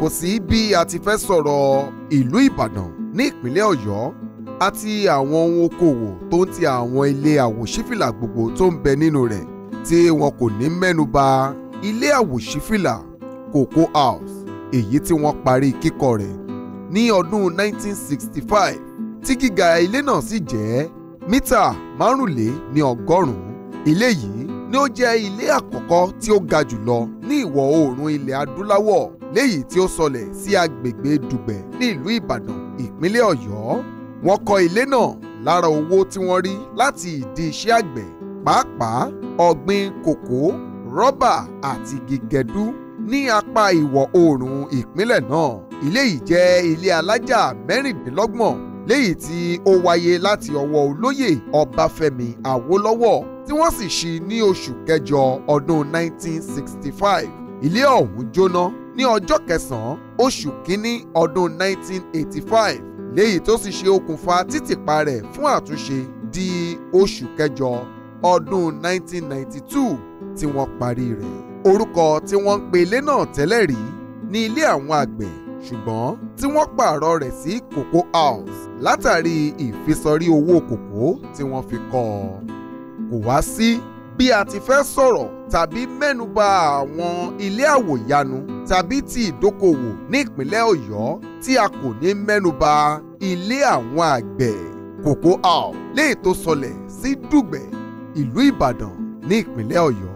kò sí bí a ti fẹ́ sọ̀rọ̀ ìlú Ìbàdàn ní ìpínlẹ̀ Ọ̀yọ́ àti àwọn ohun okòwò tó ń ti àwọn ilé àwòṣífìlà gbogbo tó ń bẹ nínú rẹ̀ tí wọn kò ní mẹ́nuba ilé àwòṣífìlà Cocoa House èyí tí wọ́n parí kíkọ́ rẹ̀ ní ọdún 1965 tí gíga ilé náà sì jẹ́ mítà márùnléní ọgọ́rùn-ún ilé yìí ni ó jẹ́ ilé àkọ́kọ́ tí ó ga jùlọ ìwọ̀ oòrùn ilẹ̀ adúláwọ̀ léyìí tí ó sọlẹ̀ sí agbègbè dùgbẹ̀ ní ìlú ìbàdàn ìpínlẹ̀ ọ̀yọ́ wọ́n kọ́ ilé náà lára owó tí wọ́n rí láti ìdí iṣẹ́ àgbẹ̀ pàápàá ọ̀gbìn kòkó rọ́bà àti gìgẹ̀dú ní apá ìwọ̀ oòrùn ìpínlẹ̀ náà ilé yìí jẹ́ ilé alájà mẹ́rìndínlọ́gbọ̀n léyìí tí ó wáyé láti ọwọ́ olóyè ọbáfẹ́mi awólọ́wọ̀ tí wọ́n sì ṣí ní oṣù kẹjọ ọdún 1965 ilé ọ̀hún jóná ní ọjọ́ kẹsàn-án oṣù kínní ọdún 1985 léyìí tó sì ṣe okùnfà títìpa rẹ̀ fún àtúnṣe di oṣù kẹjọ ọdún 1992 tí wọ́n parí rẹ̀ orúkọ tí wọ́n ń pe ilé náà tẹ́lẹ̀ rí ní ilé àwọn àgbẹ̀ ṣùgbọ́n tí wọ́n pààrọ̀ rẹ̀ sí cocoa house látàrí ìfisọrí owó kòkó tí wọ́n fi kọ́ ọ kò wá sí bí a ti fẹ́ sọ̀rọ̀ tàbí mẹ́nuba àwọn ilé àwòyanu tàbí ti ìdókòwò ní ìpínlẹ̀ Ọ̀yọ́ tí a kò ní mẹ́nuba ilé àwọn àgbẹ̀ Cocoa House léyìí tó sọlẹ̀ sí Dùgbẹ̀ ìlú Ìbàdàn ní ìpínlẹ̀ Ọ̀yọ́.